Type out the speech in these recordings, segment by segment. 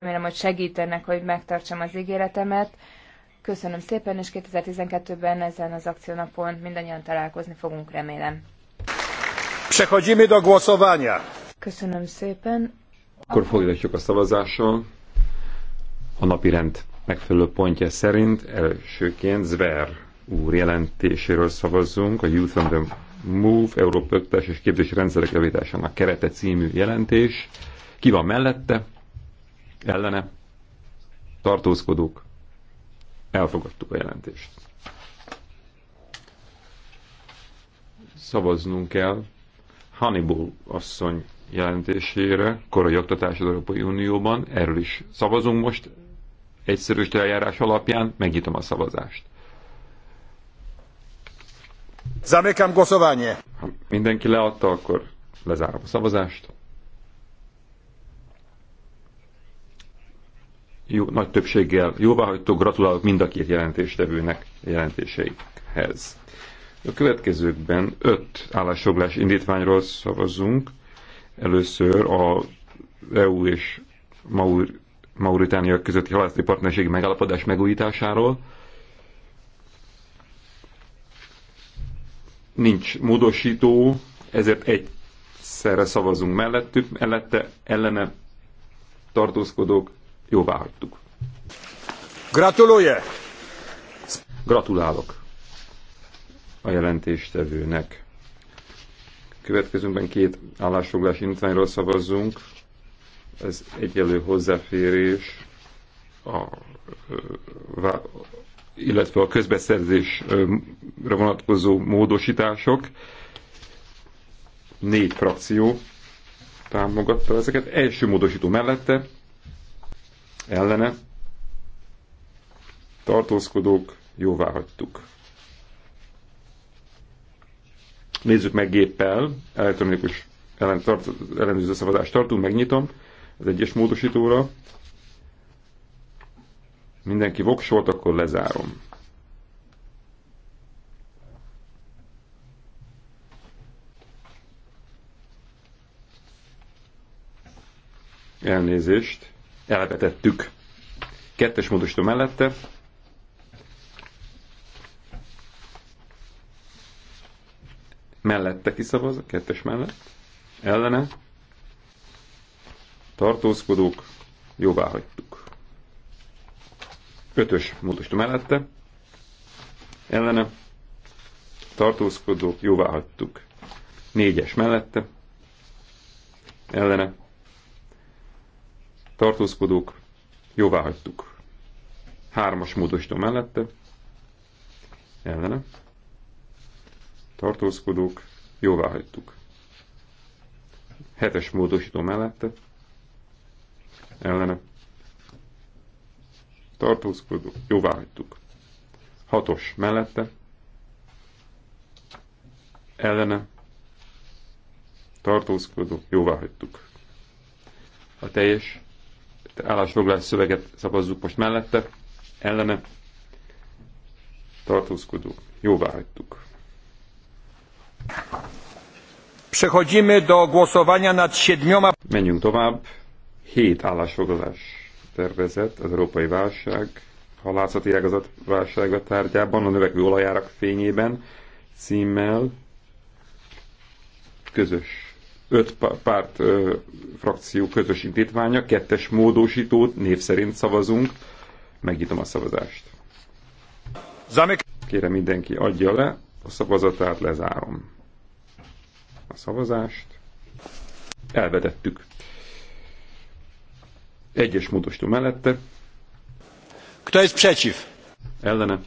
remélem, hogy segítenek, hogy megtartsam az ígéretemet. Köszönöm szépen, és 2012-ben ezen az akciónapon mindannyian találkozni fogunk, remélem. Przechodzimy do głosowania. Köszönöm szépen. Akkor folytatjuk a szavazással. A napi rend megfelelő pontja szerint elsőként Zver úr jelentéséről szavazzunk, a Youth on the Move, Európa Öktes és Képzési Rendszerek Javításának kerete című jelentés. Ki van mellette? ellene tartózkodók elfogadtuk a jelentést. Szavaznunk kell Hannibal asszony jelentésére, korai oktatás az Európai Unióban, erről is szavazunk most, egyszerűs eljárás alapján megnyitom a szavazást. Zamekam głosowanie. mindenki leadta, akkor lezárom a szavazást. jó, nagy többséggel jóváhagytuk, gratulálok mind a két jelentéstevőnek jelentéseikhez. A következőkben öt állásfoglás indítványról szavazunk. Először a EU és Maur Mauritánia közötti halászati partnerségi megállapodás megújításáról. Nincs módosító, ezért egyszerre szavazunk mellettük, mellette ellene tartózkodók jóvá hagytuk. Gratulója. Gratulálok a jelentéstevőnek. Következőben két állásfoglalási intványról szavazzunk. Ez egyelő hozzáférés, a, illetve a közbeszerzésre vonatkozó módosítások. Négy frakció támogatta ezeket. Első módosító mellette ellene tartózkodók jóvá hagytuk. Nézzük meg géppel, elektronikus ellen tart, ellenőrző szavazást tartunk, megnyitom az egyes módosítóra. Mindenki voksolt, akkor lezárom. Elnézést elvetettük. Kettes módosító mellette. Mellette kiszavaz, kettes mellett. Ellene. Tartózkodók, jóvá hagytuk. Ötös módosító mellette. Ellene. Tartózkodók, jóvá hagytuk. Négyes mellette. Ellene tartózkodók, jóvá hagytuk. Hármas módosító mellette, ellene, tartózkodók, jóvá hagytuk. Hetes módosító mellette, ellene, tartózkodók, jóvá hagytuk. Hatos mellette, ellene, tartózkodók, jóvá hagytuk. A teljes állásfoglalás szöveget szavazzuk most mellette, ellene tartózkodó. Jóvá hagytuk. Przechodzimy do głosowania nad siedmioma... Menjünk tovább. Hét állásfoglalás tervezet az európai válság, halászati ágazat válsága tárgyában, a növekvő olajárak fényében, címmel közös öt párt ö, frakció közös indítványa, kettes módosítót név szerint szavazunk. Megnyitom a szavazást. Kérem mindenki adja le, a szavazatát lezárom. A szavazást. Elvedettük. Egyes módosító mellette. Kto jest przeciw? Ellene.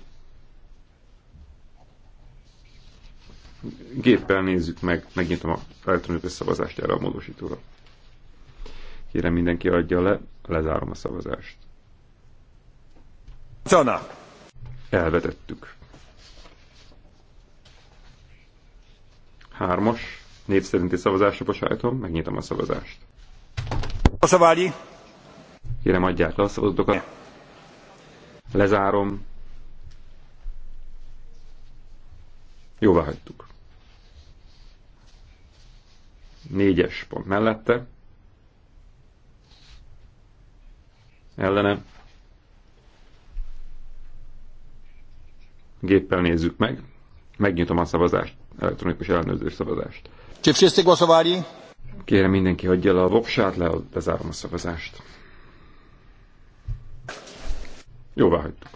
Géppel nézzük meg, megnyitom a elektronikus szavazást erre a módosítóra. Kérem mindenki adja le, lezárom a szavazást. Cana! Elvetettük. Hármas, név szerinti szavazásra bocsájtom, megnyitom a szavazást. A Kérem adják le a szavazatokat. Lezárom. Jóvá hagytuk. Négyes pont mellette. Ellene. Géppel nézzük meg. Megnyitom a szavazást, elektronikus ellenőrző szavazást. Csipsisztik Koszováryi? Kérem mindenki hagyja le a voksát, le, lezárom a szavazást. Jóvá hagytuk.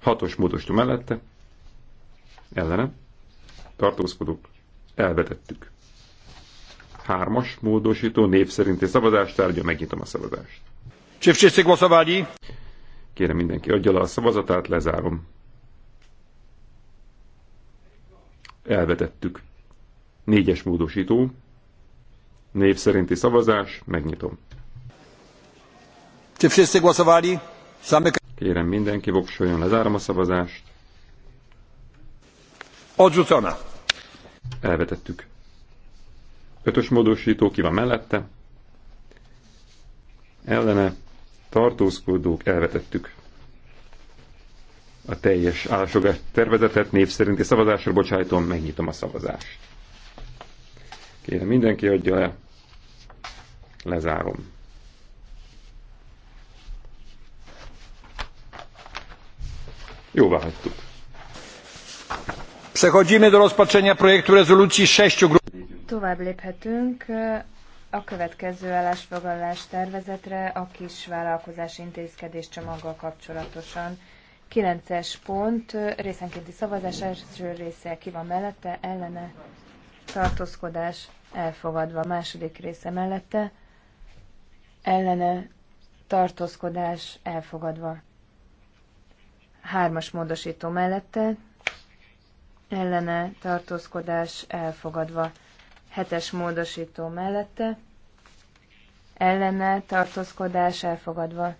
Hatos módosító mellette ellene tartózkodók elvetettük. Hármas módosító név szerinti szavazást tárgya, megnyitom a szavazást. Czy wszyscy Kérem mindenki adja le a szavazatát, lezárom. Elvetettük. Négyes módosító. Név szerinti szavazás, megnyitom. Czy wszyscy Kérem mindenki voksoljon, lezárom a szavazást. Adjutana. Elvetettük. Ötös módosító ki van mellette. Ellene tartózkodók elvetettük. A teljes állásfogás tervezetet név szerinti szavazásra bocsájtom, megnyitom a szavazást. Kérem mindenki adja le. Lezárom. Jóvá hagytuk. Przechodzimy do rozpatrzenia projektu rezolucji sześciu grup. Tovább léphetünk e, a következő állásfoglalás tervezetre a kis vállalkozás intézkedés csomaggal kapcsolatosan. 9-es pont, e, részenkénti szavazás, első része ki van mellette, ellene tartózkodás elfogadva, második része mellette, ellene tartózkodás elfogadva. Hármas módosító mellette, ellene tartózkodás elfogadva. Hetes módosító mellette ellene tartózkodás elfogadva.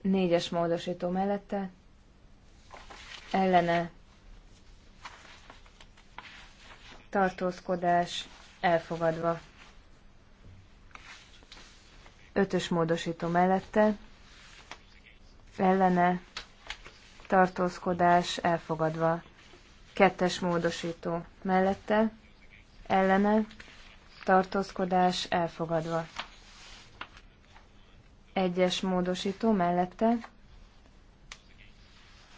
Négyes módosító mellette ellene tartózkodás elfogadva. Ötös módosító mellette ellene tartózkodás elfogadva Kettes módosító mellette, ellene, tartózkodás elfogadva. Egyes módosító mellette,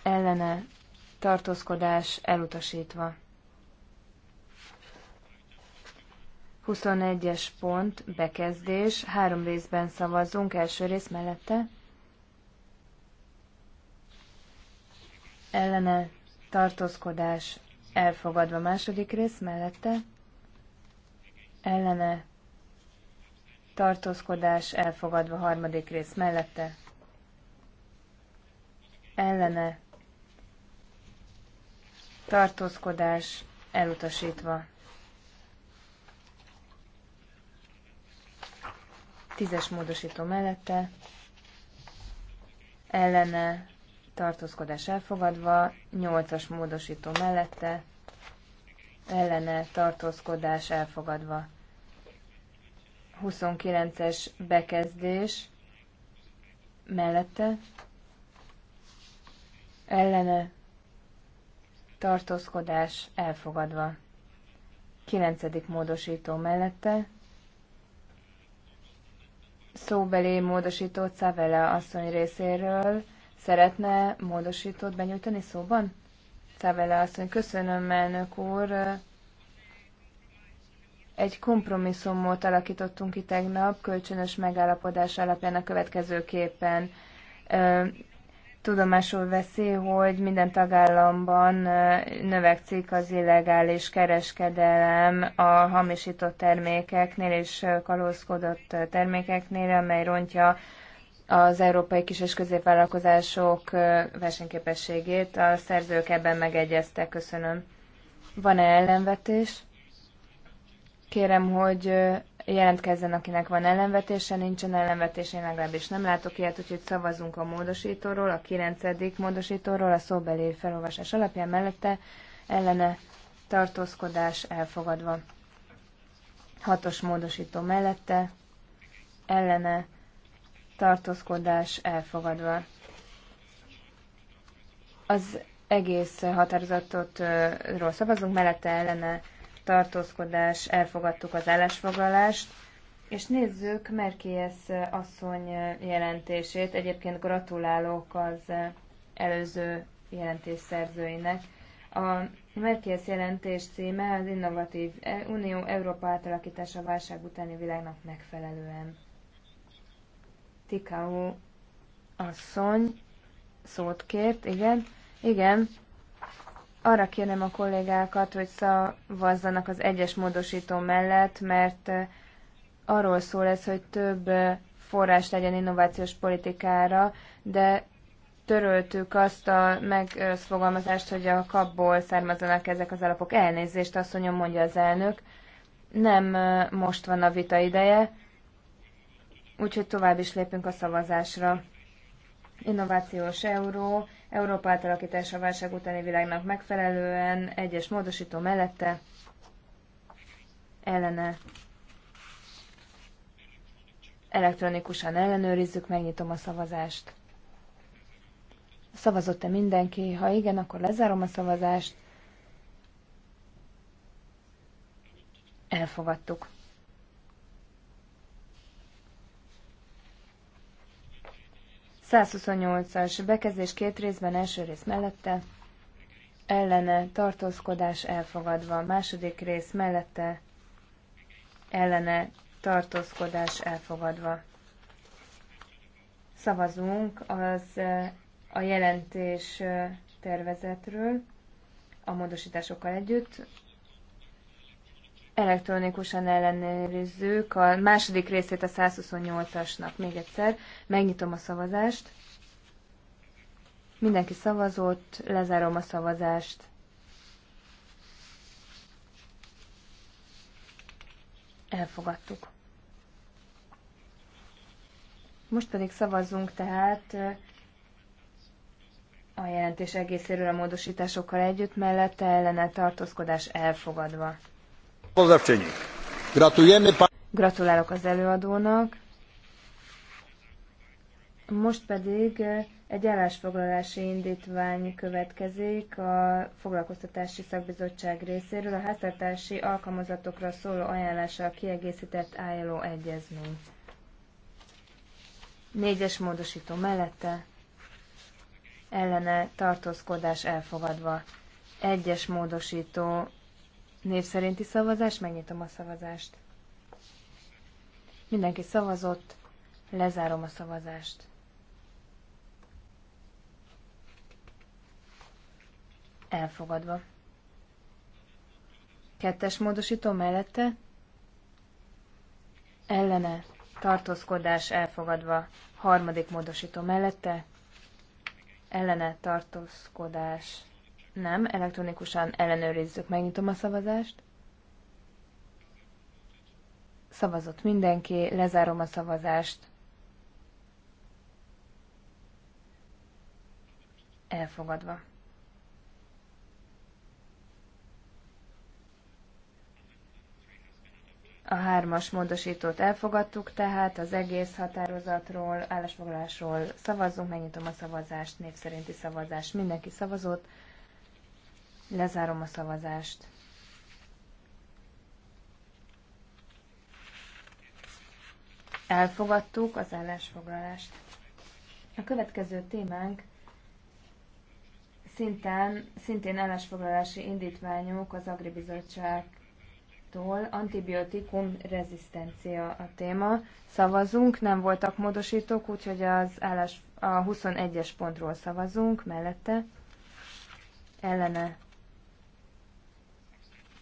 ellene, tartózkodás elutasítva. 21-es pont, bekezdés, három részben szavazzunk, első rész mellette, ellene tartózkodás elfogadva. Második rész mellette ellene tartózkodás elfogadva. Harmadik rész mellette ellene tartózkodás elutasítva. Tízes módosító mellette ellene tartózkodás elfogadva, 8-as módosító mellette, ellene tartózkodás elfogadva. 29-es bekezdés mellette, ellene tartózkodás elfogadva. 9. módosító mellette, szóbeli módosító Cavele asszony részéről Szeretne módosítót benyújtani szóban? Szávele asszony, köszönöm, elnök úr. Egy kompromisszumot alakítottunk ki tegnap, kölcsönös megállapodás alapján a következőképpen tudomásul veszi, hogy minden tagállamban növekszik az illegális kereskedelem a hamisított termékeknél és kalózkodott termékeknél, amely rontja az európai kis- és középvállalkozások versenyképességét. A szerzők ebben megegyeztek, köszönöm. Van-e ellenvetés? Kérem, hogy jelentkezzen, akinek van ellenvetése, nincsen ellenvetés, én legalábbis nem látok ilyet, úgyhogy szavazunk a módosítóról, a 9. módosítóról, a szóbeli felolvasás alapján mellette ellene tartózkodás elfogadva. Hatos módosító mellette ellene tartózkodás elfogadva. Az egész határozatot ról szavazunk, mellette ellene tartózkodás, elfogadtuk az állásfoglalást, és nézzük Merkiesz asszony jelentését. Egyébként gratulálok az előző jelentés szerzőinek. A Merkiesz jelentés címe az Innovatív Unió Európa átalakítása válság utáni világnak megfelelően. Tikau asszony szót kért, igen. Igen, arra kérem a kollégákat, hogy szavazzanak az egyes módosító mellett, mert eh, arról szól ez, hogy több eh, forrás legyen innovációs politikára, de töröltük azt a megfogalmazást, hogy a kapból származanak ezek az alapok. Elnézést, asszonyom, mondja az elnök. Nem eh, most van a vita ideje úgyhogy tovább is lépünk a szavazásra. Innovációs euró, Európa átalakítása a válság utáni világnak megfelelően, egyes módosító mellette, ellene, elektronikusan ellenőrizzük, megnyitom a szavazást. Szavazott-e mindenki? Ha igen, akkor lezárom a szavazást. Elfogadtuk. 128-as bekezdés két részben, első rész mellette, ellene tartózkodás elfogadva, második rész mellette, ellene tartózkodás elfogadva. Szavazunk az a jelentés tervezetről a módosításokkal együtt elektronikusan ellenőrizzük a második részét a 128-asnak. Még egyszer, megnyitom a szavazást. Mindenki szavazott, lezárom a szavazást. Elfogadtuk. Most pedig szavazzunk tehát a jelentés egészéről a módosításokkal együtt mellette ellene tartózkodás elfogadva. Gratulálok az előadónak. Most pedig egy állásfoglalási indítvány következik a Foglalkoztatási Szakbizottság részéről a háztartási alkalmazatokra szóló ajánlással kiegészített ILO egyezmény. Négyes módosító mellette ellene tartózkodás elfogadva. Egyes módosító Név szerinti szavazás, megnyitom a szavazást. Mindenki szavazott, lezárom a szavazást. Elfogadva. Kettes módosító mellette. Ellene. Tartózkodás elfogadva. Harmadik módosító mellette. Ellene tartózkodás nem, elektronikusan ellenőrizzük. Megnyitom a szavazást. Szavazott mindenki, lezárom a szavazást. Elfogadva. A hármas módosítót elfogadtuk, tehát az egész határozatról, állásfoglalásról szavazzunk, megnyitom a szavazást, név szerinti szavazást. Mindenki szavazott. Lezárom a szavazást. Elfogadtuk az állásfoglalást. A következő témánk szintén szintén állásfoglalási indítványok az Agribizottságtól. Antibiotikum rezisztencia a téma. Szavazunk, nem voltak módosítók, úgyhogy az állás, a 21-es pontról szavazunk, mellette ellene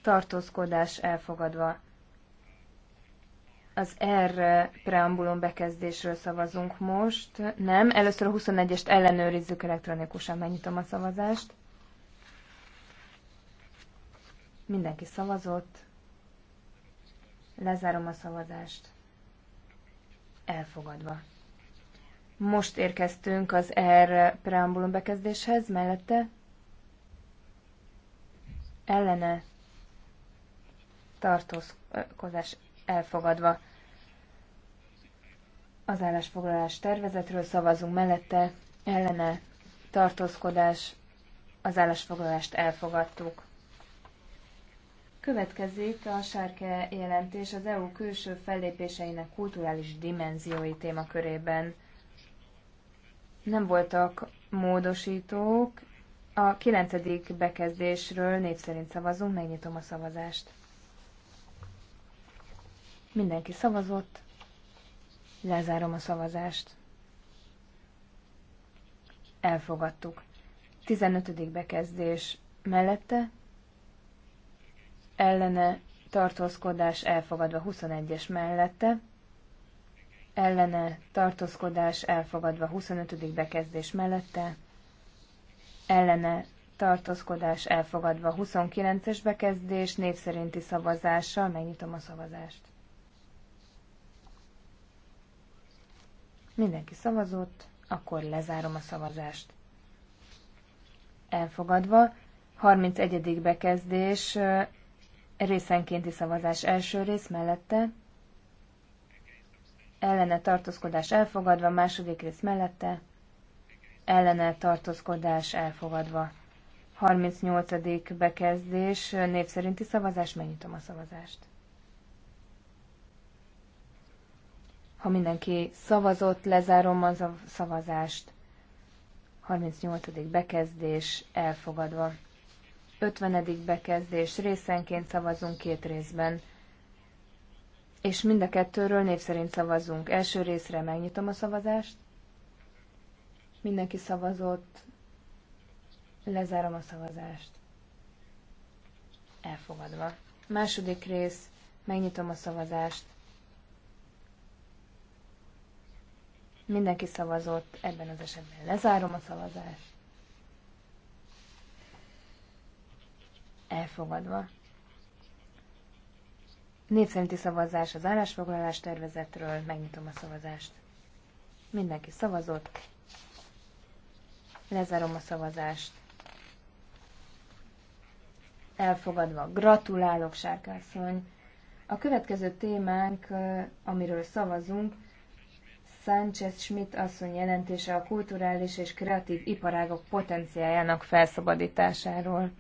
tartózkodás elfogadva. Az R preambulum bekezdésről szavazunk most. Nem, először a 21-est ellenőrizzük elektronikusan, megnyitom a szavazást. Mindenki szavazott. Lezárom a szavazást. Elfogadva. Most érkeztünk az R preambulum bekezdéshez, mellette ellene tartózkodás elfogadva. Az állásfoglalás tervezetről szavazunk mellette, ellene tartózkodás, az állásfoglalást elfogadtuk. Következik a sárke jelentés az EU külső fellépéseinek kulturális dimenziói témakörében. Nem voltak módosítók. A kilencedik bekezdésről népszerint szavazunk, megnyitom a szavazást. Mindenki szavazott. Lezárom a szavazást. Elfogadtuk. 15. bekezdés mellette. Ellene tartózkodás elfogadva 21-es mellette. Ellene tartózkodás elfogadva 25. bekezdés mellette. Ellene tartózkodás elfogadva 29-es bekezdés név szerinti szavazással megnyitom a szavazást. Mindenki szavazott, akkor lezárom a szavazást. Elfogadva, 31. bekezdés, részenkénti szavazás első rész mellette, ellene tartózkodás elfogadva, második rész mellette, ellene tartózkodás elfogadva. 38. bekezdés, név szerinti szavazás, megnyitom a szavazást. Ha mindenki szavazott, lezárom az a szavazást. 38. bekezdés elfogadva. 50. bekezdés részenként szavazunk két részben. És mind a kettőről név szerint szavazunk. Első részre megnyitom a szavazást. Mindenki szavazott. Lezárom a szavazást. Elfogadva. Második rész. Megnyitom a szavazást. Mindenki szavazott, ebben az esetben lezárom a szavazást. Elfogadva. Népszerinti szavazás az állásfoglalás tervezetről, megnyitom a szavazást. Mindenki szavazott. Lezárom a szavazást. Elfogadva. Gratulálok, Sárkászony. A következő témánk, amiről szavazunk, Sánchez Schmidt asszony jelentése a kulturális és kreatív iparágok potenciájának felszabadításáról.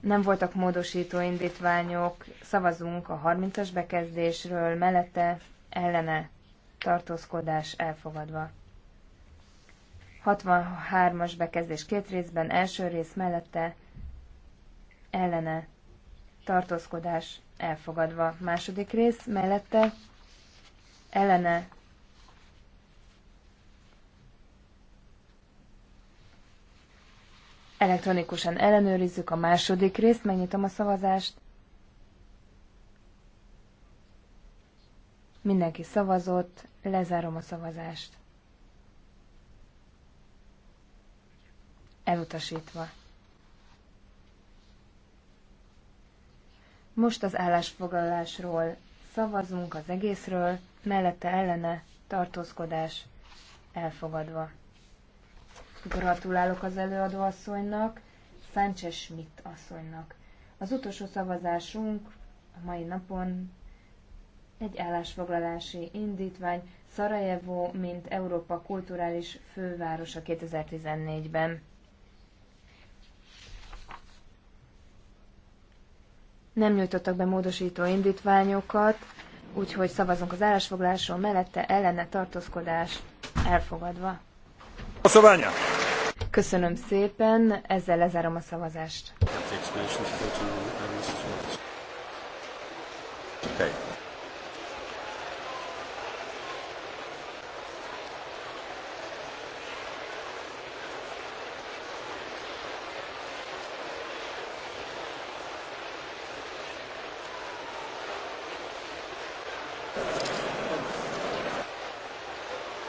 Nem voltak módosító indítványok, szavazunk a 30-as bekezdésről, mellette ellene tartózkodás elfogadva. 63-as bekezdés két részben, első rész mellette ellene tartózkodás elfogadva. Második rész mellette ellene Elektronikusan ellenőrizzük a második részt, megnyitom a szavazást. Mindenki szavazott, lezárom a szavazást. Elutasítva. Most az állásfoglalásról szavazunk az egészről, mellette ellene tartózkodás elfogadva. Gratulálok az előadó asszonynak, Sánchez Schmidt asszonynak. Az utolsó szavazásunk a mai napon egy állásfoglalási indítvány Szarajevó, mint Európa kulturális fővárosa 2014-ben. Nem nyújtottak be módosító indítványokat, úgyhogy szavazunk az állásfoglalásról mellette ellene tartózkodás elfogadva. A szabánya. Köszönöm szépen, ezzel lezárom a szavazást. Okay.